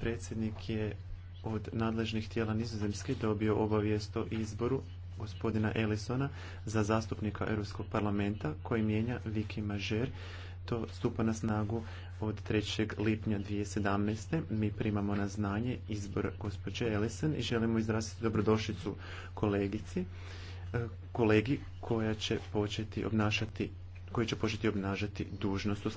Predsjednik je od nadležnih tijela Nizozemske dobio obavijest o izboru gospodina Ellisona za zastupnika Europskog parlamenta koji mijenja Viki Mažer. To stupa na snagu od 3. lipnja 2017. Mi primamo na znanje izbor gospođe Ellison i želimo izraziti dobrodošlicu kolegici, e, kolegi koja će početi obnašati koji će početi obnažati dužnost u